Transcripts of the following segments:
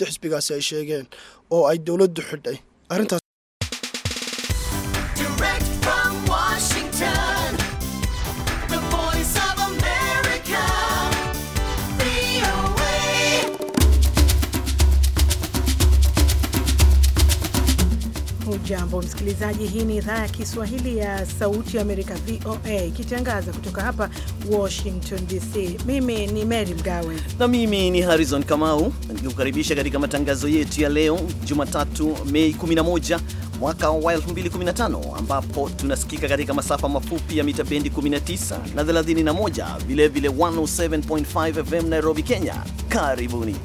xisbigaasi ay sheegeen oo ay dowladdu xidhay arrintaas Hujambo msikilizaji, hii ni idhaa ya Kiswahili ya Sauti ya Amerika, VOA, ikitangaza kutoka hapa Washington DC. Mimi ni Mary Mgawe na mimi ni Harrison Kamau, nikikukaribisha katika matangazo yetu ya leo Jumatatu, Mei 11 mwaka wa 2015 ambapo tunasikika katika masafa mafupi ya mita bendi 19 na 31, vilevile 107.5 FM Nairobi, Kenya. Karibuni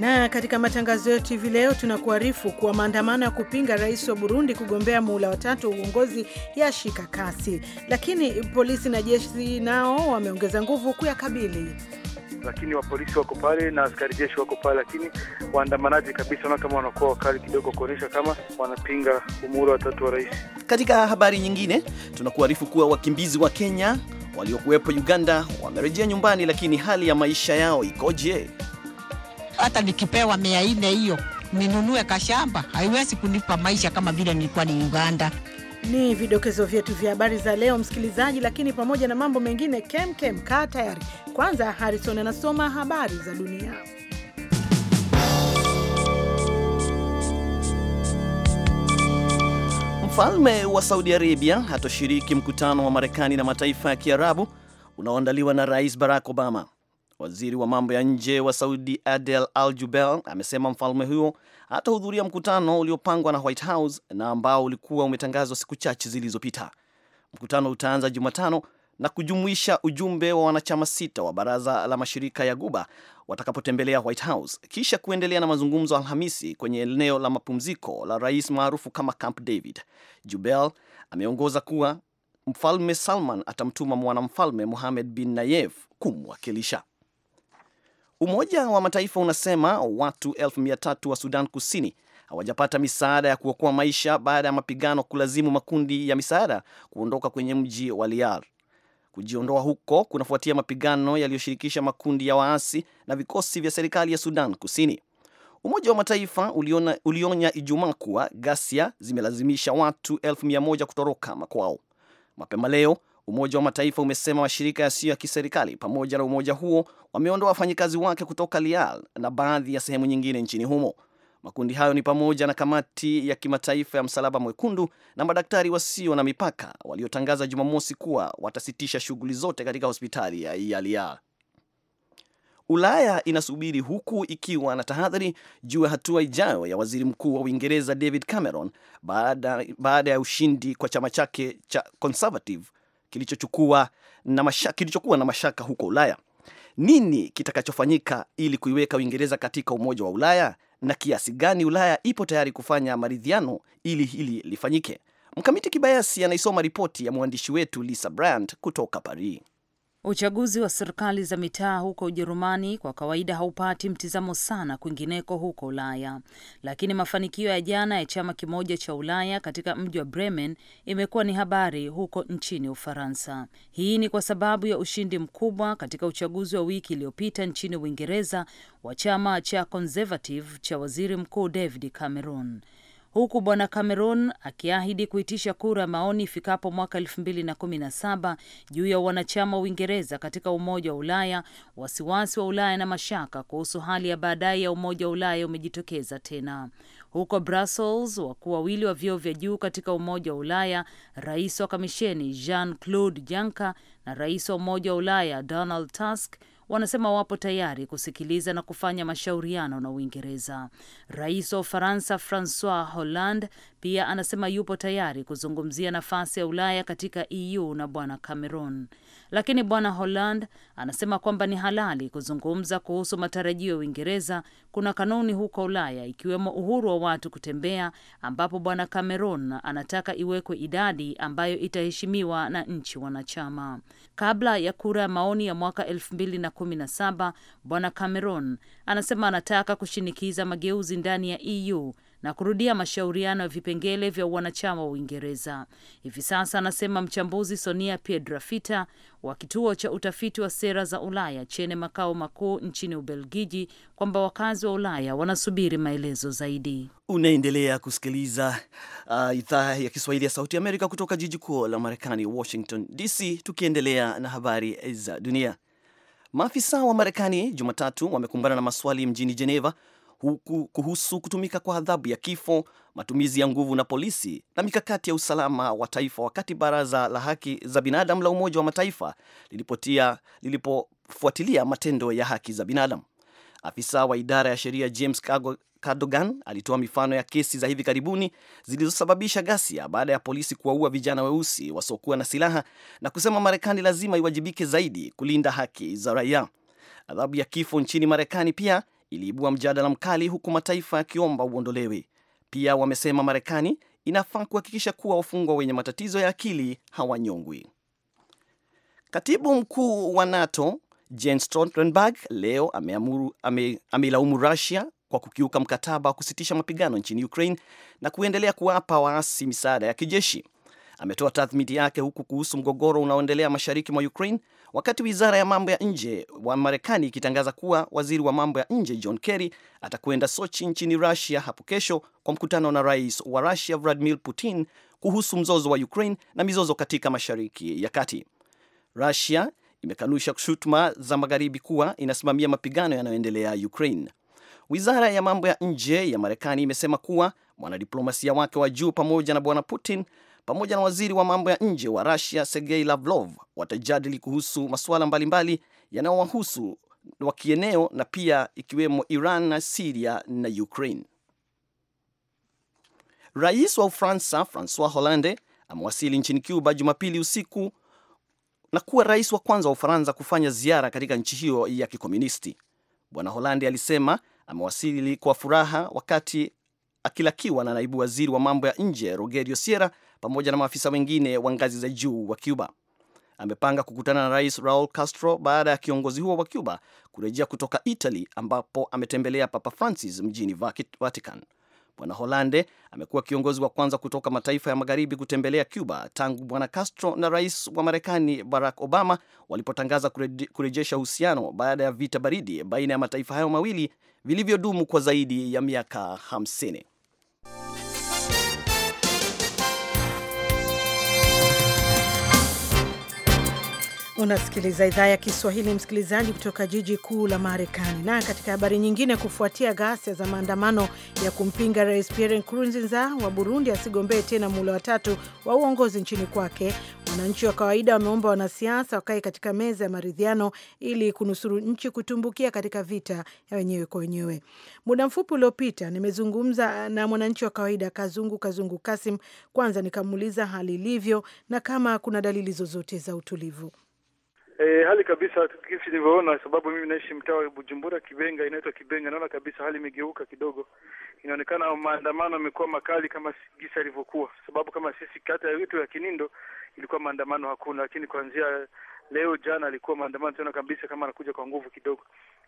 na katika matangazo yetu hivi leo tunakuarifu kuwa maandamano ya kupinga rais wa Burundi kugombea muhula watatu wa uongozi yashika kasi, lakini polisi na jeshi nao wameongeza nguvu kuyakabili lakini wapolisi wako pale na askari jeshi wako pale, lakini waandamanaji kabisa na kama wanakuwa wakali kidogo kuonyesha kama wanapinga umuhula watatu wa rais. Katika habari nyingine, tunakuarifu kuwa wakimbizi wa Kenya waliokuwepo Uganda wamerejea nyumbani, lakini hali ya maisha yao ikoje? hata nikipewa mia nne hiyo ninunue kashamba, haiwezi kunipa maisha kama vile nilikuwa ni Uganda. Ni vidokezo vyetu vya habari za leo, msikilizaji, lakini pamoja na mambo mengine kemkem, kaa tayari. Kwanza harison anasoma habari za dunia. Mfalme wa Saudi Arabia hatoshiriki mkutano wa Marekani na mataifa ya Kiarabu unaoandaliwa na Rais Barack Obama. Waziri wa mambo ya nje wa Saudi Adel Al jubel amesema mfalme huyo hatahudhuria mkutano uliopangwa na White House na ambao ulikuwa umetangazwa siku chache zilizopita. Mkutano utaanza Jumatano na kujumuisha ujumbe wa wanachama sita wa baraza la mashirika ya Guba watakapotembelea White House kisha kuendelea na mazungumzo Alhamisi kwenye eneo la mapumziko la rais maarufu kama Camp David. Jubel ameongoza kuwa Mfalme Salman atamtuma mwanamfalme Mohamed bin Nayef kumwakilisha. Umoja wa Mataifa unasema watu elfu mia tatu wa Sudan Kusini hawajapata misaada ya kuokoa maisha baada ya mapigano kulazimu makundi ya misaada kuondoka kwenye mji wa Liar. Kujiondoa huko kunafuatia mapigano yaliyoshirikisha makundi ya waasi na vikosi vya serikali ya Sudan Kusini. Umoja wa Mataifa uliona, ulionya Ijumaa kuwa ghasia zimelazimisha watu elfu mia moja kutoroka makwao. Mapema leo Umoja wa Mataifa umesema mashirika yasiyo ya kiserikali pamoja na umoja huo wameondoa wafanyikazi wake kutoka Lial na baadhi ya sehemu nyingine nchini humo. Makundi hayo ni pamoja na Kamati ya Kimataifa ya Msalaba Mwekundu na Madaktari Wasio na Mipaka waliotangaza Jumamosi kuwa watasitisha shughuli zote katika hospitali ya Ialial. Ulaya inasubiri huku ikiwa na tahadhari juu ya hatua ijayo ya waziri mkuu wa Uingereza David Cameron baada, baada ya ushindi kwa chama chake cha Conservative kilichochukua na mashaka, kilichokuwa na mashaka huko Ulaya. Nini kitakachofanyika ili kuiweka Uingereza katika Umoja wa Ulaya na kiasi gani Ulaya ipo tayari kufanya maridhiano ili hili lifanyike? Mkamiti Kibayasi anaisoma ripoti ya mwandishi wetu Lisa Bryant kutoka Paris. Uchaguzi wa serikali za mitaa huko Ujerumani kwa kawaida haupati mtizamo sana kwingineko huko Ulaya, lakini mafanikio ya jana ya chama kimoja cha Ulaya katika mji wa Bremen imekuwa ni habari huko nchini Ufaransa. Hii ni kwa sababu ya ushindi mkubwa katika uchaguzi wa wiki iliyopita nchini Uingereza wa chama cha Conservative cha waziri mkuu David Cameron huku bwana Cameron akiahidi kuitisha kura ya maoni ifikapo mwaka saba juu ya wanachama wa Uingereza katika Umoja wa Ulaya. Wasiwasi wa Ulaya na mashaka kuhusu hali ya baadaye ya Umoja wa Ulaya umejitokeza tena huko Brussels. Wakuu wawili wa vyeo vya juu katika Umoja wa Ulaya, rais wa kamisheni Jean Claude Juncker na rais wa Umoja wa Ulaya Donald Tusk wanasema wapo tayari kusikiliza na kufanya mashauriano na Uingereza. Rais wa Ufaransa Francois Hollande pia anasema yupo tayari kuzungumzia nafasi ya Ulaya katika EU na Bwana Cameron lakini bwana Holland anasema kwamba ni halali kuzungumza kuhusu matarajio ya Uingereza. Kuna kanuni huko Ulaya ikiwemo uhuru wa watu kutembea, ambapo bwana Cameron anataka iwekwe idadi ambayo itaheshimiwa na nchi wanachama. Kabla ya kura ya maoni ya mwaka 2017 bwana Cameron anasema anataka kushinikiza mageuzi ndani ya EU na kurudia mashauriano ya vipengele vya wanachama wa Uingereza. Hivi sasa, anasema mchambuzi Sonia Piedrafita wa kituo cha utafiti wa sera za Ulaya chenye makao makuu nchini Ubelgiji, kwamba wakazi wa Ulaya wanasubiri maelezo zaidi. Unaendelea kusikiliza uh, idhaa ya Kiswahili ya Sauti Amerika kutoka jiji kuu la Marekani, Washington DC, tukiendelea na habari za dunia. Maafisa wa Marekani Jumatatu wamekumbana na maswali mjini Geneva huku kuhusu kutumika kwa adhabu ya kifo, matumizi ya nguvu na polisi na mikakati ya usalama wa taifa, wakati Baraza la Haki za Binadamu la Umoja wa Mataifa lilipotia lilipofuatilia matendo ya haki za binadamu. Afisa wa idara ya sheria James Cadogan alitoa mifano ya kesi za hivi karibuni zilizosababisha ghasia baada ya polisi kuwaua vijana weusi wasiokuwa na silaha na kusema Marekani lazima iwajibike zaidi kulinda haki za raia. Adhabu ya kifo nchini Marekani pia iliibua mjadala mkali huku mataifa yakiomba uondolewe. Pia wamesema Marekani inafaa kuhakikisha kuwa wafungwa wenye matatizo ya akili hawanyongwi. Katibu mkuu wa NATO Jens Stoltenberg leo ameilaumu ame, ame Russia kwa kukiuka mkataba wa kusitisha mapigano nchini Ukraine na kuendelea kuwapa waasi misaada ya kijeshi. Ametoa tathmini yake huku kuhusu mgogoro unaoendelea mashariki mwa Ukraine wakati wizara ya mambo ya nje wa Marekani ikitangaza kuwa waziri wa mambo ya nje John Kerry atakwenda Sochi nchini Rusia hapo kesho kwa mkutano na rais wa Rusia Vladimir Putin kuhusu mzozo wa Ukraine na mizozo katika Mashariki ya Kati. Rusia imekanusha shutuma za magharibi kuwa inasimamia mapigano yanayoendelea Ukraine. Wizara ya mambo ya nje ya Marekani imesema kuwa mwanadiplomasia wake wa juu pamoja na bwana Putin pamoja na waziri wa mambo ya nje wa Russia Sergei Lavrov watajadili kuhusu masuala mbalimbali yanayowahusu wa kieneo na pia ikiwemo Iran na Siria na Ukraine. Rais wa Ufaransa Francois Hollande amewasili nchini Cuba Jumapili usiku na kuwa rais wa kwanza wa Ufaransa kufanya ziara katika nchi hiyo ya kikomunisti. Bwana Hollande alisema amewasili kwa furaha wakati akilakiwa na naibu waziri wa mambo ya nje Rogerio Sierra pamoja na maafisa wengine wa ngazi za juu wa Cuba. Amepanga kukutana na Rais Raul Castro baada ya kiongozi huo wa Cuba kurejea kutoka Italy ambapo ametembelea Papa Francis mjini Vatican. Bwana Holande amekuwa kiongozi wa kwanza kutoka mataifa ya magharibi kutembelea Cuba tangu Bwana Castro na rais wa Marekani Barack Obama walipotangaza kurejesha uhusiano baada ya vita baridi baina ya mataifa hayo mawili vilivyodumu kwa zaidi ya miaka 50. Unasikiliza idhaa ya Kiswahili, msikilizaji, kutoka jiji kuu la Marekani. Na katika habari nyingine, kufuatia ghasia za maandamano ya kumpinga Rais Pierre Nkurunziza wa Burundi asigombee tena muhula watatu wa uongozi nchini kwake, wananchi wa kawaida wameomba wanasiasa wakae katika meza ya maridhiano ili kunusuru nchi kutumbukia katika vita ya wenyewe kwa wenyewe. Muda mfupi uliopita nimezungumza na mwananchi wa kawaida Kazungu Kazungu Kasim. Kwanza nikamuuliza hali ilivyo na kama kuna dalili zozote za utulivu. E, hali kabisa kisi nilivyoona, sababu mimi naishi mtaa wa Bujumbura, Kibenga, inaitwa Kibenga, naona kabisa hali imegeuka kidogo. Inaonekana maandamano yamekuwa makali kama gisa alivyokuwa sababu kama sisi kata ya yetu ya Kinindo ilikuwa maandamano hakuna, lakini kuanzia leo jana alikuwa maandamano tena kabisa, kama anakuja kwa nguvu kidogo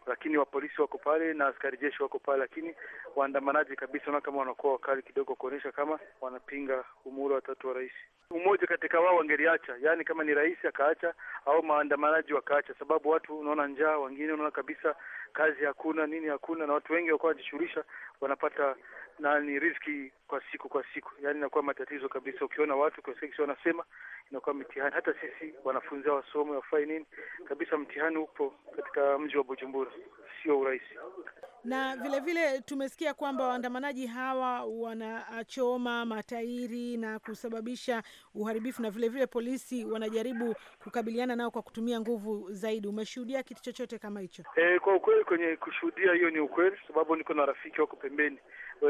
lakini wapolisi wako pale na askari jeshi wako pale, lakini waandamanaji kabisa na kama wanakuwa wakali kidogo, kuonyesha kama wanapinga umuru watatu wa rais. umoja katika wao wangeliacha, yaani kama ni rais akaacha au maandamanaji wakaacha, sababu watu unaona njaa, wengine unaona kabisa kazi hakuna, nini hakuna, na watu wengi wakuwa wanajishughulisha wanapata nani riziki kwa siku kwa siku, yani inakuwa matatizo kabisa. Ukiona watu kisi wanasema inakuwa mitihani, hata sisi wanafunzi hao wafai nini kabisa, mtihani upo katika mji wa Bujumbura, sio urahisi na vilevile vile tumesikia kwamba waandamanaji hawa wanachoma matairi na kusababisha uharibifu, na vilevile vile polisi wanajaribu kukabiliana nao kwa kutumia nguvu zaidi. Umeshuhudia kitu chochote kama hicho? E, kwa ukweli kwenye kushuhudia hiyo ni ukweli, sababu niko na rafiki wako pembeni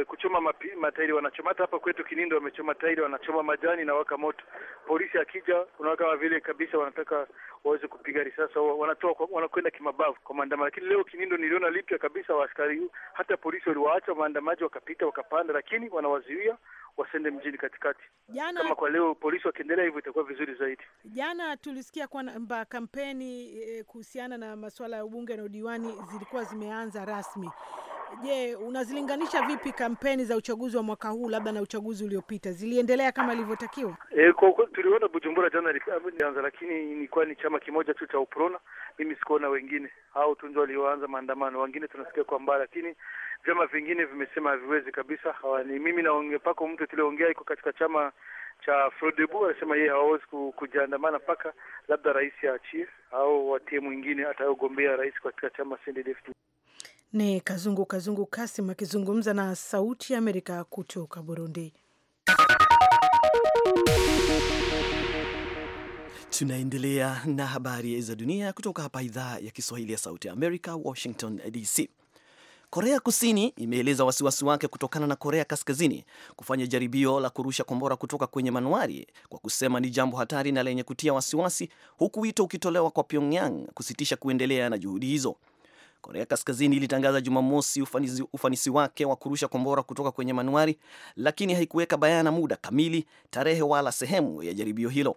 Eh, kuchoma mapi, matairi wanachoma. Hata hapa kwetu Kinindo wamechoma tairi, wanachoma majani na waka moto. Polisi akija, unaona kama vile kabisa wanataka waweze kupiga risasi, wanatoa wanakwenda kimabavu kwa maandamano. Lakini leo Kinindo niliona lipya kabisa, waaskari hata polisi waliwaacha waandamaji wakapita wakapanda, lakini wanawazuia wasende mjini katikati. Jana kama kwa leo polisi wakiendelea hivyo itakuwa vizuri zaidi. Jana tulisikia kwamba kampeni e, kuhusiana na masuala ya ubunge na udiwani zilikuwa zimeanza rasmi. Je, unazilinganisha vipi kampeni za uchaguzi wa mwaka huu labda na uchaguzi uliopita? Ziliendelea kama ilivyotakiwa? E, kwa kweli tuliona Bujumbura jana ilianza, lakini ilikuwa ni chama kimoja tu cha UPRONA. Mimi sikuona wengine au tu ndio walioanza maandamano, wengine tunasikia kwa mbali, lakini vyama vingine vimesema haviwezi kabisa. Hawani mimi naongea mtu tuliongea iko katika chama cha Frodebu anasema yeye hawawezi kujiandamana mpaka labda rais aachie au watie mwingine atayogombea rais katika chama CNDD-FDD. Ni Kazungu Kazungu Kasim akizungumza na Sauti ya Amerika kutoka Burundi. Tunaendelea na habari za dunia kutoka hapa idhaa ya Kiswahili ya Sauti ya Amerika, Washington DC. Korea Kusini imeeleza wasiwasi wake kutokana na Korea Kaskazini kufanya jaribio la kurusha kombora kutoka kwenye manuari kwa kusema ni jambo hatari na lenye kutia wasiwasi, huku wito ukitolewa kwa Pyongyang kusitisha kuendelea na juhudi hizo. Korea Kaskazini ilitangaza Jumamosi ufanisi, ufanisi wake wa kurusha kombora kutoka kwenye manuari, lakini haikuweka bayana muda kamili, tarehe wala sehemu ya jaribio hilo.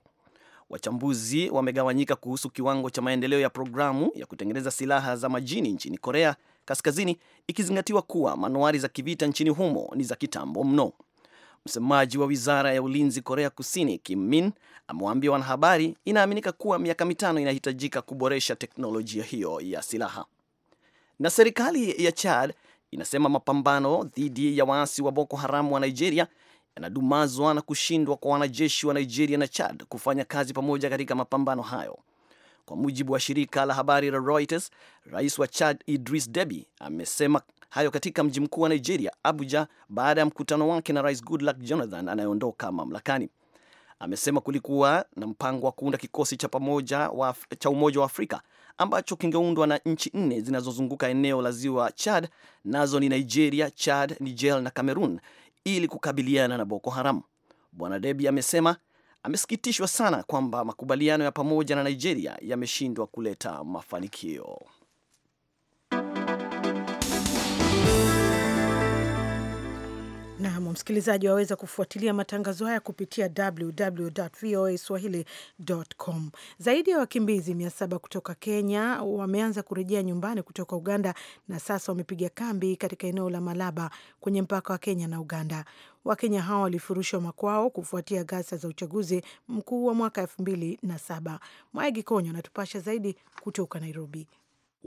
Wachambuzi wamegawanyika kuhusu kiwango cha maendeleo ya programu ya kutengeneza silaha za majini nchini Korea Kaskazini, ikizingatiwa kuwa manuari za kivita nchini humo ni za kitambo mno. Msemaji wa wizara ya ulinzi Korea Kusini, Kim Min, amewaambia wanahabari inaaminika kuwa miaka mitano inahitajika kuboresha teknolojia hiyo ya silaha na serikali ya Chad inasema mapambano dhidi ya waasi wa Boko Haram wa Nigeria yanadumazwa na kushindwa kwa wanajeshi wa Nigeria na Chad kufanya kazi pamoja katika mapambano hayo. Kwa mujibu wa shirika la habari la Reuters, rais wa Chad Idris Deby amesema hayo katika mji mkuu wa Nigeria, Abuja, baada ya mkutano wake na rais Goodluck Jonathan anayeondoka mamlakani amesema kulikuwa na mpango wa kuunda kikosi cha pamoja wa, cha Umoja wa Afrika ambacho kingeundwa na nchi nne zinazozunguka eneo la ziwa Chad, nazo ni Nigeria, Chad, Niger na Cameroon, ili kukabiliana na Boko Haram. Bwana Debi amesema amesikitishwa sana kwamba makubaliano ya pamoja na Nigeria yameshindwa kuleta mafanikio. Nam msikilizaji waweza kufuatilia matangazo haya kupitia www.voaswahili.com. Zaidi ya wakimbizi mia saba kutoka Kenya wameanza kurejea nyumbani kutoka Uganda na sasa wamepiga kambi katika eneo la Malaba kwenye mpaka wa Kenya na Uganda. Wakenya hao walifurushwa makwao kufuatia ghasia za uchaguzi mkuu wa mwaka elfu mbili na saba. Mwaegi Konyo anatupasha zaidi kutoka Nairobi.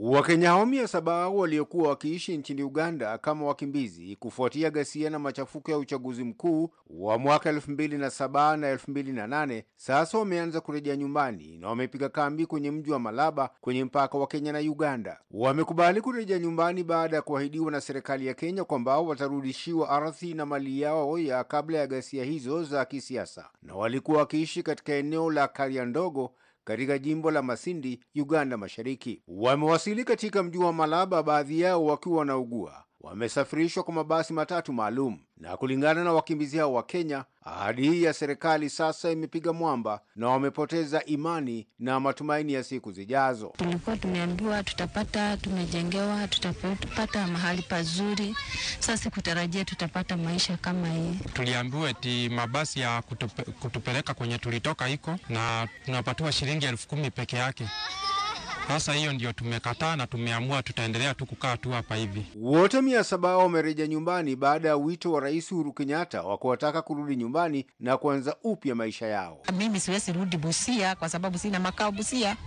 Wakenya hao mia saba waliokuwa wakiishi nchini Uganda kama wakimbizi kufuatia ghasia na machafuko ya uchaguzi mkuu wa mwaka 2007 na 2008 sasa wameanza kurejea nyumbani na wamepiga kambi kwenye mji wa Malaba kwenye mpaka wa Kenya na Uganda. Wamekubali kurejea nyumbani baada ya kuahidiwa na serikali ya Kenya kwamba watarudishiwa ardhi na mali yao ya kabla ya ghasia hizo za kisiasa, na walikuwa wakiishi katika eneo la Karia Ndogo katika jimbo la Masindi, Uganda Mashariki. Wamewasili katika mji wa Malaba, baadhi yao wakiwa wanaugua. Wamesafirishwa kwa mabasi matatu maalum. Na kulingana na wakimbizi hao wa Kenya, ahadi hii ya serikali sasa imepiga mwamba na wamepoteza imani na matumaini ya siku zijazo. Tulikuwa tumeambiwa tutapata, tumejengewa, tutapata mahali pazuri. Sasa sikutarajia tutapata maisha kama hii. Tuliambiwa eti mabasi ya kutupe, kutupeleka kwenye tulitoka iko na tunapatiwa shilingi elfu kumi peke yake. Sasa hiyo ndio tumekataa na tumeamua tutaendelea tu kukaa tu hapa hivi. Wote mia saba wamerejea nyumbani baada ya wito wa Rais Uhuru Kenyatta wa kuwataka kurudi nyumbani na kuanza upya maisha yao. Mimi siwezi rudi Busia kwa sababu sina makao Busia.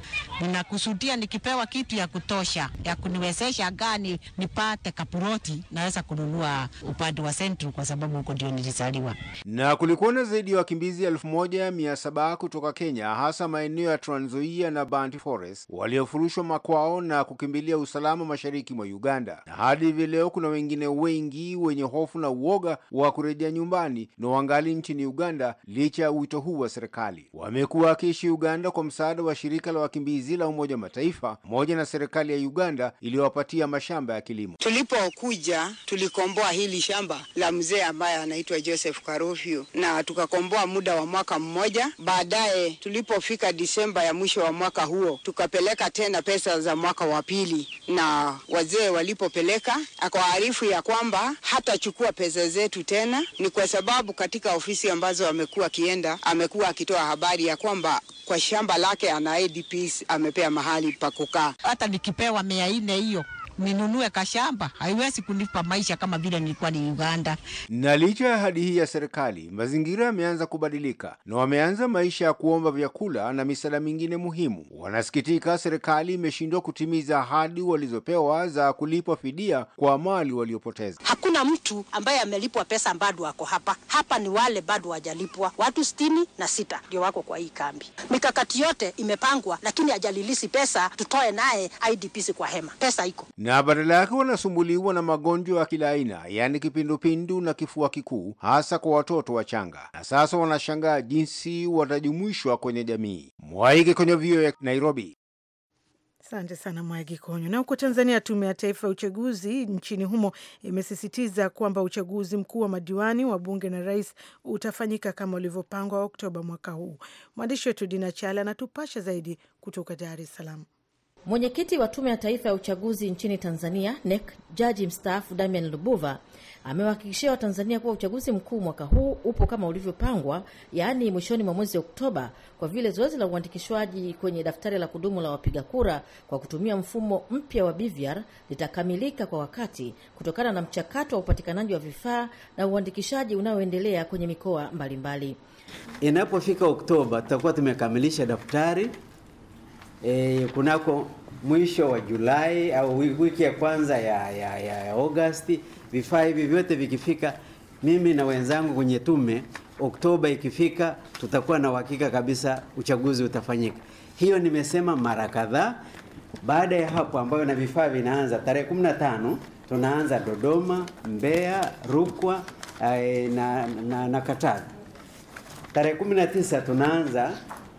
Ninakusudia nikipewa kitu ya kutosha ya kuniwezesha gani nipate kapuroti naweza kununua upande wa sentru kwa sababu huko ndio nilizaliwa. Na kulikuwa na zaidi ya wakimbizi elfu moja mia saba kutoka Kenya hasa maeneo ya Trans Nzoia na Bantu Forest walio wamefurushwa makwao na kukimbilia usalama mashariki mwa Uganda, na hadi hivi leo kuna wengine wengi wenye hofu na uoga wa kurejea nyumbani na wangali nchini Uganda licha ya wito huu wa serikali. Wamekuwa wakiishi Uganda kwa msaada wa shirika la wakimbizi la Umoja wa Mataifa pamoja na serikali ya Uganda iliyowapatia mashamba ya kilimo. Tulipokuja tulikomboa hili shamba la mzee ambaye anaitwa Joseph Karofio na tukakomboa muda wa mwaka mmoja. Baadaye tulipofika Disemba ya mwisho wa mwaka huo tukapeleka tena pesa za mwaka wa pili, na wazee walipopeleka akawaarifu ya kwamba hatachukua pesa zetu tena, ni kwa sababu katika ofisi ambazo amekuwa akienda amekuwa akitoa habari ya kwamba kwa shamba lake ana IDPs amepea mahali pa kukaa. Hata nikipewa mia nne hiyo ninunue kashamba, haiwezi kunipa maisha kama vile nilikuwa ni Uganda. Na licha ya ahadi hii ya serikali, mazingira yameanza kubadilika na wameanza maisha ya kuomba vyakula na misaada mingine muhimu. Wanasikitika serikali imeshindwa kutimiza ahadi walizopewa za kulipwa fidia kwa mali waliopoteza. Hakuna mtu ambaye amelipwa pesa, bado wako hapa hapa, ni wale bado wajalipwa, watu sitini na sita ndio wako kwa hii kambi. Mikakati yote imepangwa, lakini ajalilisi pesa tutoe naye IDPs kwa hema, pesa iko na badala yake wanasumbuliwa na magonjwa ya kila aina, yaani kipindupindu na kifua kikuu, hasa kwa watoto wachanga, na sasa wanashangaa jinsi watajumuishwa kwenye jamii. Mwaige kwenye vio ya Nairobi. Asante sana Mwagi Konyo. Na huko Tanzania, Tume ya Taifa ya Uchaguzi nchini humo imesisitiza kwamba uchaguzi mkuu wa madiwani wa bunge na rais utafanyika kama ulivyopangwa Oktoba mwaka huu. Mwandishi wetu Dina Chale anatupasha zaidi kutoka Dar es Salaam. Mwenyekiti wa Tume ya Taifa ya Uchaguzi nchini Tanzania, NEC, jaji mstaafu Damian Lubuva amewahakikishia Watanzania kuwa uchaguzi mkuu mwaka huu upo kama ulivyopangwa, yaani mwishoni mwa mwezi Oktoba, kwa vile zoezi la uandikishwaji kwenye daftari la kudumu la wapiga kura kwa kutumia mfumo mpya wa BVR litakamilika kwa wakati kutokana na mchakato wa upatikanaji wa vifaa na uandikishaji unaoendelea kwenye mikoa mbalimbali. Inapofika Oktoba tutakuwa tumekamilisha daftari e, kunako mwisho wa Julai au wiki ya kwanza ya, ya, ya, ya Agosti, vifaa hivi vyote vikifika, mimi na wenzangu kwenye tume, Oktoba ikifika, tutakuwa na uhakika kabisa uchaguzi utafanyika. Hiyo nimesema mara kadhaa. Baada ya hapo, ambayo na vifaa vinaanza tarehe 15, tunaanza Dodoma, Mbeya, Rukwa eh, na, na, na Katavi. Tarehe 19 tunaanza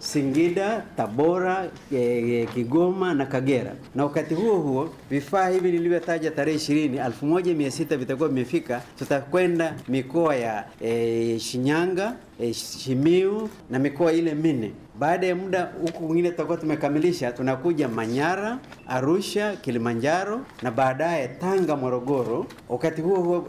Singida, Tabora, eh, eh, Kigoma na Kagera. Na wakati huo huo vifaa hivi nilivyotaja tarehe 20 1600 vitakuwa vimefika. Tutakwenda mikoa ya e, Shinyanga, e, Shimiu na mikoa ile minne. Baada ya muda huku kwingine tutakuwa tumekamilisha, tunakuja Manyara, Arusha, Kilimanjaro na baadaye Tanga, Morogoro. Wakati huo huo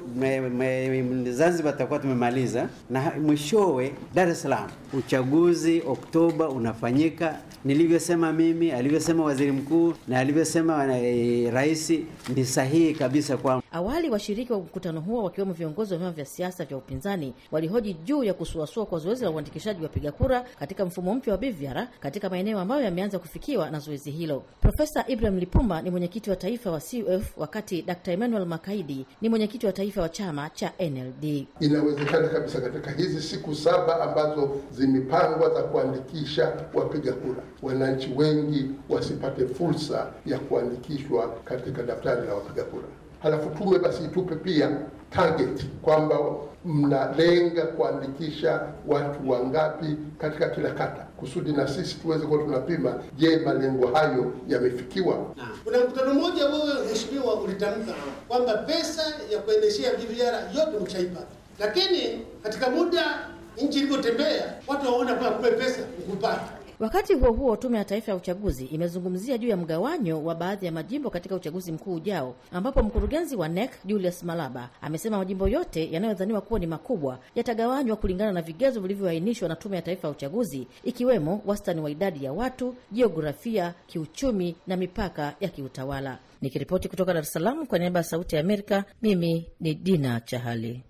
Zanzibar tutakuwa tumemaliza, na mwishowe Dar es Salaam. Uchaguzi Oktoba unafanyika, nilivyosema mimi, alivyosema waziri mkuu na alivyosema eh, rais ni sahihi kabisa. Kwa awali washiriki wa mkutano huo wakiwemo viongozi wa vyama vya siasa vya upinzani walihoji juu ya kusuasua kwa zoezi la uandikishaji wa wapiga kura katika mfumo mpya wa Bivyara katika maeneo ambayo yameanza kufikiwa na zoezi hilo. Profesa Ibrahim Lipumba ni mwenyekiti wa taifa wa CUF, wakati Dr. Emmanuel Makaidi ni mwenyekiti wa taifa wa chama cha NLD. Inawezekana kabisa katika hizi siku saba ambazo zimepangwa za kuandikisha wapiga kura, wananchi wengi wasipate fursa ya kuandikishwa katika daftari la wapiga kura. Halafu tume basi itupe pia target kwamba mnalenga kuandikisha watu wangapi katika kila kata kusudi na sisi tuweze kuwa tunapima, je, malengo hayo yamefikiwa? Kuna mkutano mmoja ambao mheshimiwa ulitamka kwamba pesa ya kuendeshea viviara yote mshaipata, lakini katika muda nchi ilivyotembea watu waona kwamba kumbe pesa ukupata Wakati huo huo, Tume ya Taifa ya Uchaguzi imezungumzia juu ya mgawanyo wa baadhi ya majimbo katika uchaguzi mkuu ujao, ambapo mkurugenzi wa NEC Julius Malaba amesema majimbo yote yanayodhaniwa kuwa ni makubwa yatagawanywa kulingana na vigezo vilivyoainishwa na Tume ya Taifa ya Uchaguzi, ikiwemo wastani wa idadi ya watu, jiografia, kiuchumi na mipaka ya kiutawala. Nikiripoti kutoka Dar es Salaam kwa niaba ya Sauti ya Amerika, mimi ni Dina Chahali.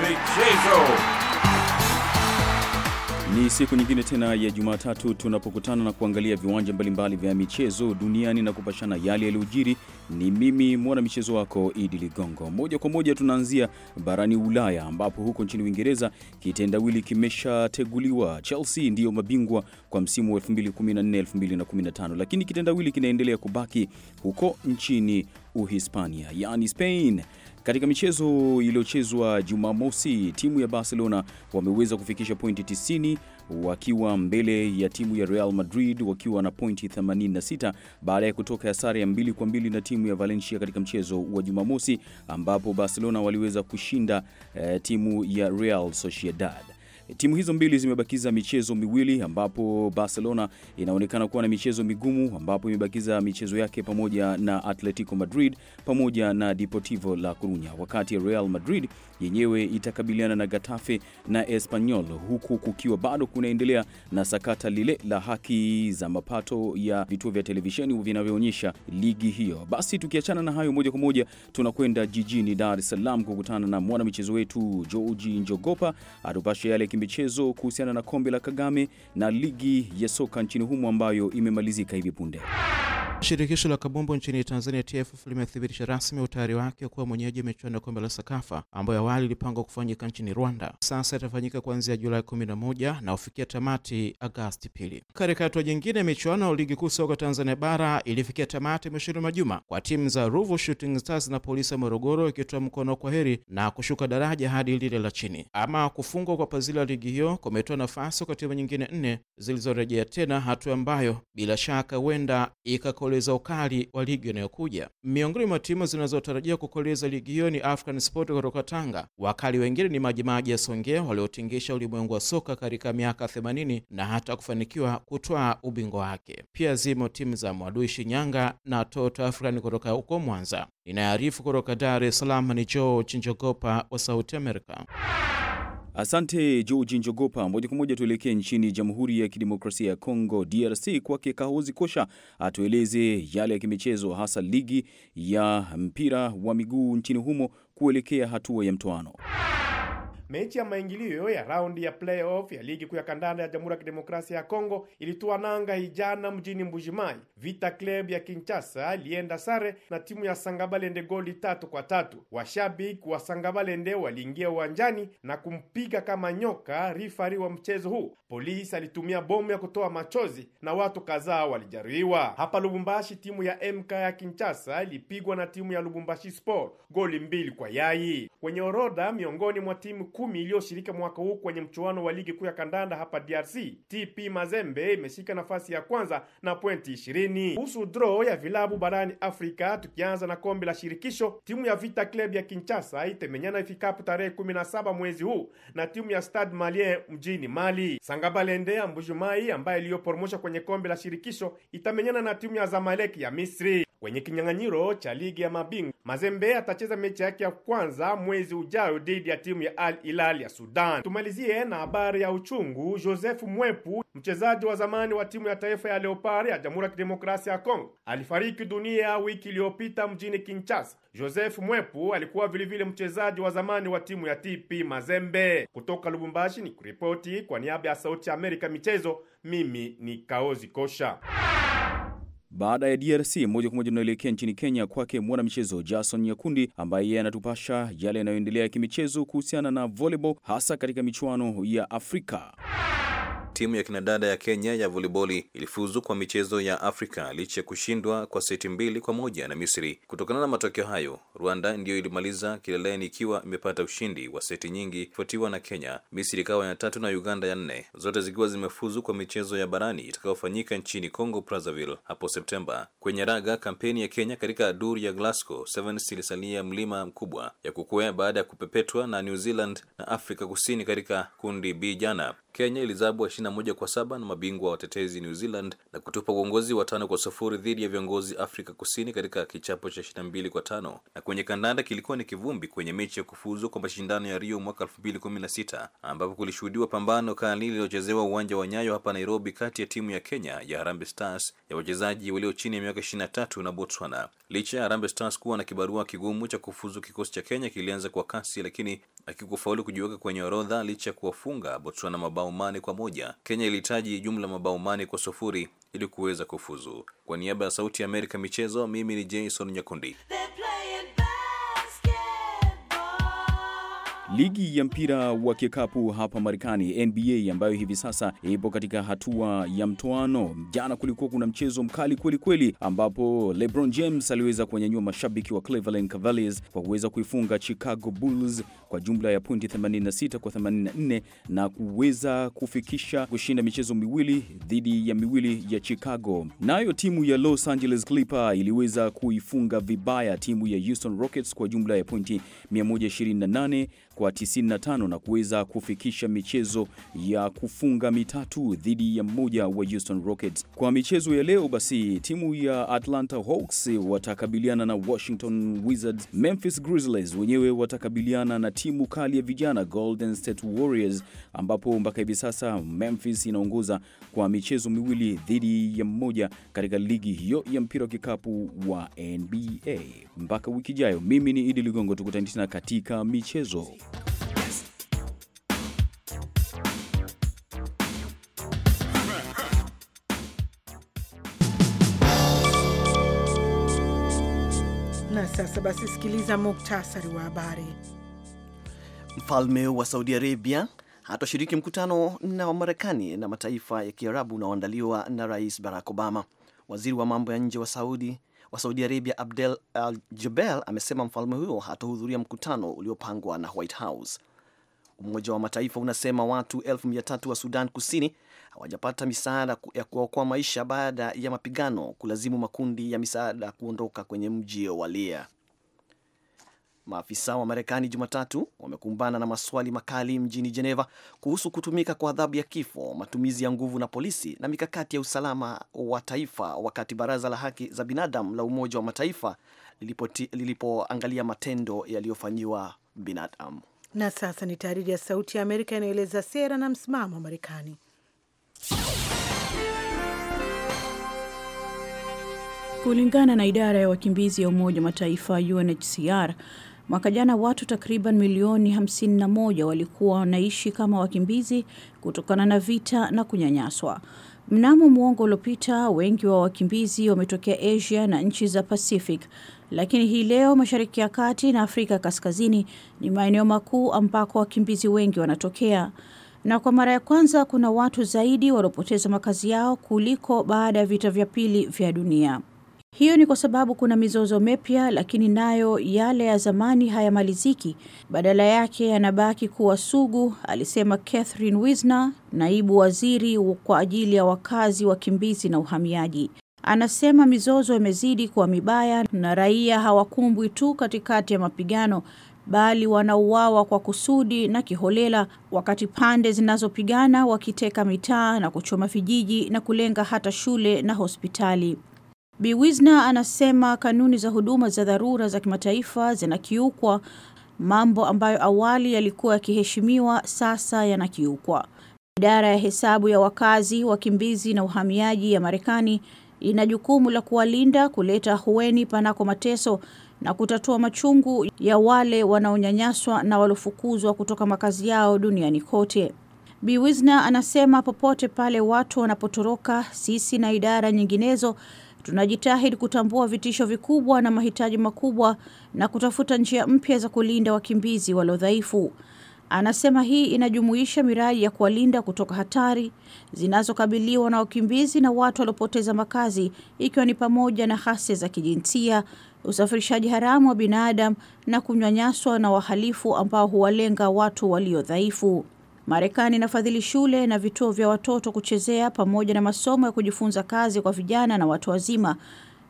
Michezo. Ni siku nyingine tena ya Jumatatu tunapokutana na kuangalia viwanja mbalimbali vya michezo duniani na kupashana yale yaliyojiri. Ni mimi mwana michezo wako Idi Ligongo. Moja kwa moja tunaanzia barani Ulaya, ambapo huko nchini Uingereza kitendawili kimeshateguliwa. Chelsea ndiyo mabingwa kwa msimu wa 2014-2015 lakini kitendawili kinaendelea kubaki huko nchini Uhispania, yani Spain. Katika michezo iliyochezwa Jumamosi, timu ya Barcelona wameweza kufikisha pointi 90 wakiwa mbele ya timu ya Real Madrid wakiwa na pointi 86 baada ya kutoka ya sare ya mbili kwa mbili na timu ya Valencia katika mchezo wa Jumamosi ambapo Barcelona waliweza kushinda eh, timu ya Real Sociedad. Timu hizo mbili zimebakiza michezo miwili, ambapo Barcelona inaonekana kuwa na michezo migumu, ambapo imebakiza michezo yake pamoja na Atletico Madrid pamoja na Deportivo La Corunya, wakati Real Madrid yenyewe itakabiliana na Getafe na Espanyol, huku kukiwa bado kunaendelea na sakata lile la haki za mapato ya vituo vya televisheni vinavyoonyesha ligi hiyo. Basi tukiachana na hayo, moja kwa moja tunakwenda jijini Dar es Salaam kukutana na mwanamichezo wetu georgi Njogopa atupashe yale kimichezo kuhusiana na kombe la Kagame na ligi ya soka nchini humo ambayo imemalizika hivi punde. Shirikisho la kabumbu nchini Tanzania TFF limethibitisha rasmi utayari wake kuwa mwenyeji michuano ya kombe la Sakafa ambayo awali ilipangwa kufanyika nchini Rwanda, sasa itafanyika kuanzia Julai 11 na ufikia tamati Agasti pili. Katika hatua nyingine, michuano ligi kuu soka Tanzania bara ilifikia tamati mwishoni mwa juma kwa timu za Ruvu Shooting Stars na Polisi ya Morogoro ikitoa mkono kwa heri na kushuka daraja hadi lile la chini. Ama kufungwa kwa pazila ya ligi hiyo kumetoa nafasi kwa timu nyingine nne zilizorejea tena, hatua ambayo bila shaka huenda ikakole kukoleza ukali wa ligi inayokuja. Miongoni mwa timu zinazotarajia kukoleza ligi hiyo ni African Sport kutoka Tanga. Wakali wengine ni Majimaji ya Songea waliotingisha ulimwengu wa soka katika miaka 80 na hata kufanikiwa kutwaa ubingwa wake. Pia zimo timu za Mwadui Shinyanga na Toto African kutoka huko Mwanza. Inayoarifu kutoka Dar es Salaam ni George Njogopa wa Sauti Amerika. Asante Georgi Njogopa. Moja kwa moja tuelekee nchini Jamhuri ya Kidemokrasia ya Kongo, DRC, kwake Kahozi Kosha atueleze yale ya kimichezo, hasa ligi ya mpira wa miguu nchini humo kuelekea hatua ya mtoano mechi ya maingilio ya raundi ya playoff ya ligi kuu ya kandanda ya Jamhuri ya Kidemokrasia ya Kongo ilitua nanga hijana mjini Mbujimai. Vita Club ya Kinshasa ilienda sare na timu ya Sangabalende goli tatu kwa tatu. Washabiki wa Sangabalende waliingia uwanjani na kumpiga kama nyoka rifari wa mchezo huu. Polisi alitumia bomu ya kutoa machozi na watu kadhaa walijeruhiwa. Hapa Lubumbashi, timu ya MK ya Kinshasa ilipigwa na timu ya Lubumbashi Sport goli mbili kwa yai. Kwenye orodha miongoni mwa timu kumi iliyoshirika mwaka huu kwenye mchuano wa ligi kuu ya kandanda hapa DRC. TP Mazembe imeshika nafasi ya kwanza na pointi 20 Kuhusu draw ya vilabu barani Afrika, tukianza na kombe la shirikisho, timu ya Vita Club ya Kinshasa itamenyana ifikapo tarehe 17 mwezi huu na timu ya Stade Malien mjini Mali. Sangabalende ya Mbujumai ambaye iliyoporomoshwa kwenye kombe la shirikisho itamenyana na timu ya Zamalek ya Misri kwenye kinyang'anyiro cha ligi ya mabingwa. Mazembe atacheza mechi yake ya kwanza mwezi ujao dhidi ya timu ya Al Hilal ya Sudan. Tumalizie na habari ya uchungu. Joseph Mwepu, mchezaji wa zamani wa timu ya taifa ya Leopard ya Jamhuri ya Kidemokrasia ya Kongo, alifariki dunia wiki iliyopita mjini Kinshasa. Joseph Mwepu alikuwa vilevile mchezaji wa zamani wa timu ya TP Mazembe. Kutoka Lubumbashi ni kuripoti kwa niaba ya Sauti ya Amerika michezo, mimi ni Kaozi Kosha. Baada ya DRC moja kwa moja tunaelekea nchini Kenya, kwake michezo Jason Nyakundi ambaye yeye anatupasha yale yanayoendelea ya kimichezo kuhusiana na volleyball, hasa katika michuano ya Afrika timu ya kinadada ya Kenya ya voliboli ilifuzu kwa michezo ya Afrika licha ya kushindwa kwa seti mbili kwa moja na Misri. Kutokana na matokeo hayo, Rwanda ndiyo ilimaliza kileleni ikiwa imepata ushindi wa seti nyingi kufuatiwa na Kenya, Misri ikawa ya tatu na Uganda ya nne, zote zikiwa zimefuzu kwa michezo ya barani itakayofanyika nchini Congo Brazzaville hapo Septemba. Kwenye raga, kampeni ya Kenya katika duru ya Glasgow Sevens ilisalia mlima mkubwa ya kukwea baada ya kupepetwa na New Zealand na Afrika Kusini katika kundi B jana. Kenya ilizabwa 21 kwa saba na mabingwa watetezi New Zealand na kutupa uongozi wa tano kwa sufuri dhidi ya viongozi Afrika Kusini katika kichapo cha 22 kwa tano. Na kwenye kandanda kilikuwa ni kivumbi kwenye mechi ya kufuzu kwa mashindano ya Rio mwaka sita ambapo kulishuhudiwa pambano kali lililochezewa uwanja wa Nyayo hapa Nairobi kati ya timu ya Kenya ya harambe Stars ya wachezaji walio chini ya miaka 23 na Botswana. Licha ya harambe Stars kuwa na kibarua kigumu cha kufuzu, kikosi cha Kenya kilianza kwa kasi, lakini akikufaulu kujiweka kwenye orodha licha ya kuwafunga Botswana mabao mabao mane kwa moja. Kenya ilihitaji jumla mabao mane kwa sufuri ili kuweza kufuzu. Kwa niaba ya Sauti ya Amerika michezo, mimi ni Jason Nyakundi. Ligi ya mpira wa kikapu hapa Marekani, NBA, ambayo hivi sasa ipo katika hatua ya mtoano. Jana kulikuwa kuna mchezo mkali kweli kweli, ambapo LeBron James aliweza kunyanyua mashabiki wa Cleveland Cavaliers kwa kuweza kuifunga Chicago Bulls kwa jumla ya pointi 86 kwa 84 na kuweza kufikisha kushinda michezo miwili dhidi ya miwili ya Chicago. Nayo timu ya Los Angeles Clipper iliweza kuifunga vibaya timu ya Houston Rockets kwa jumla ya pointi 128 kwa 95 na kuweza kufikisha michezo ya kufunga mitatu dhidi ya mmoja wa Houston Rockets. Kwa michezo ya leo basi, timu ya Atlanta Hawks watakabiliana na Washington Wizards, Memphis Grizzlies wenyewe watakabiliana na timu kali ya vijana Golden State Warriors, ambapo mpaka hivi sasa Memphis inaongoza kwa michezo miwili dhidi ya mmoja katika ligi hiyo ya mpira wa kikapu wa NBA. Mpaka wiki ijayo, mimi ni Idi Ligongo, tukutane tena katika michezo. Na sasa basi, sikiliza muktasari wa habari. Mfalme wa Saudi Arabia hatoshiriki mkutano na Wamarekani na mataifa ya Kiarabu unaoandaliwa na Rais Barack Obama. Waziri wa mambo ya nje wa Saudi wa Saudi Arabia Abdel Al Jabel amesema mfalme huyo hatahudhuria mkutano uliopangwa na White House. Umoja wa Mataifa unasema watu elfu mia tatu wa Sudan Kusini hawajapata misaada ya kuokoa maisha baada ya mapigano kulazimu makundi ya misaada kuondoka kwenye mji wa Lia. Maafisa wa Marekani Jumatatu wamekumbana na maswali makali mjini Jeneva kuhusu kutumika kwa adhabu ya kifo, matumizi ya nguvu na polisi na mikakati ya usalama wa taifa, wakati Baraza la Haki za Binadamu la Umoja wa Mataifa lilipoangalia lilipo matendo yaliyofanyiwa binadamu. Na sasa ni tahariri ya Sauti ya Amerika inayoeleza sera na msimamo wa Marekani. Kulingana na idara ya wakimbizi ya Umoja wa Mataifa UNHCR, Mwaka jana watu takriban milioni 51 walikuwa wanaishi kama wakimbizi kutokana na vita na kunyanyaswa. Mnamo mwongo uliopita, wengi wa wakimbizi wametokea Asia na nchi za Pacific, lakini hii leo Mashariki ya Kati na Afrika Kaskazini ni maeneo makuu ambako wakimbizi wengi wanatokea na kwa mara ya kwanza kuna watu zaidi waliopoteza makazi yao kuliko baada ya vita vya pili vya dunia. Hiyo ni kwa sababu kuna mizozo mipya, lakini nayo yale ya zamani hayamaliziki, badala yake yanabaki kuwa sugu, alisema Catherine Wisner, naibu waziri kwa ajili ya wakazi, wakimbizi na uhamiaji. Anasema mizozo imezidi kuwa mibaya na raia hawakumbwi tu katikati ya mapigano bali wanauawa kwa kusudi na kiholela, wakati pande zinazopigana wakiteka mitaa na kuchoma vijiji na kulenga hata shule na hospitali. Bi Wisner anasema kanuni za huduma za dharura za kimataifa zinakiukwa. Mambo ambayo awali yalikuwa yakiheshimiwa sasa yanakiukwa. Idara ya hesabu ya wakazi, wakimbizi na uhamiaji ya Marekani ina jukumu la kuwalinda, kuleta hueni panako mateso na kutatua machungu ya wale wanaonyanyaswa na waliofukuzwa kutoka makazi yao duniani kote. Bi Wisner anasema popote pale watu wanapotoroka, sisi na idara nyinginezo Tunajitahidi kutambua vitisho vikubwa na mahitaji makubwa na kutafuta njia mpya za kulinda wakimbizi waliodhaifu Anasema hii inajumuisha miradi ya kuwalinda kutoka hatari zinazokabiliwa na wakimbizi na watu waliopoteza makazi, ikiwa ni pamoja na hasi za kijinsia, usafirishaji haramu wa binadamu na kunyanyaswa na wahalifu ambao huwalenga watu walio dhaifu. Marekani inafadhili shule na vituo vya watoto kuchezea pamoja na masomo ya kujifunza kazi kwa vijana na watu wazima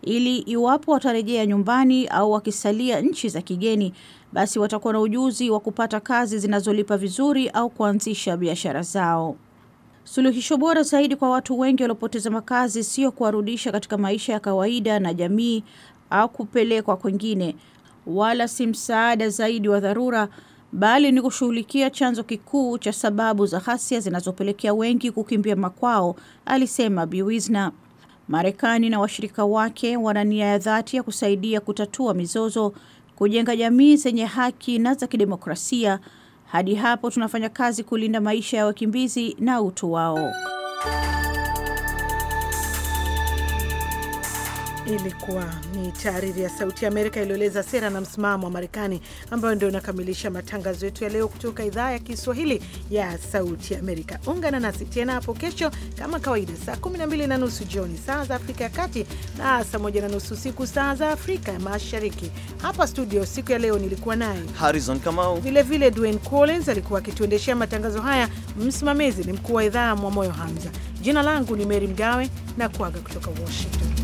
ili iwapo watarejea nyumbani au wakisalia nchi za kigeni, basi watakuwa na ujuzi wa kupata kazi zinazolipa vizuri au kuanzisha biashara zao. Suluhisho bora zaidi kwa watu wengi waliopoteza makazi sio kuwarudisha katika maisha ya kawaida na jamii au kupelekwa kwengine, wala si msaada zaidi wa dharura, bali ni kushughulikia chanzo kikuu cha sababu za ghasia zinazopelekea wengi kukimbia makwao, alisema Bi Marekani na washirika wake wana nia ya dhati ya kusaidia kutatua mizozo, kujenga jamii zenye haki na za kidemokrasia. Hadi hapo tunafanya kazi kulinda maisha ya wakimbizi na utu wao. Ilikuwa ni taariri ya Sauti ya Amerika iliyoeleza sera na msimamo wa Marekani, ambayo ndio inakamilisha matangazo yetu ya leo kutoka idhaa ya Kiswahili ya Sauti ya Amerika. Ungana nasi tena hapo kesho kama kawaida, saa 12 na nusu jioni saa za Afrika ya Kati na saa 1 na nusu usiku saa za Afrika ya Mashariki. Hapa studio siku ya leo nilikuwa naye Harrison Kamau, vilevile Dwayne Collins alikuwa akituendeshea matangazo haya. Msimamizi ni mkuu wa idhaa Mwamoyo Hamza. Jina langu ni Mary Mgawe na kuaga kutoka Washington.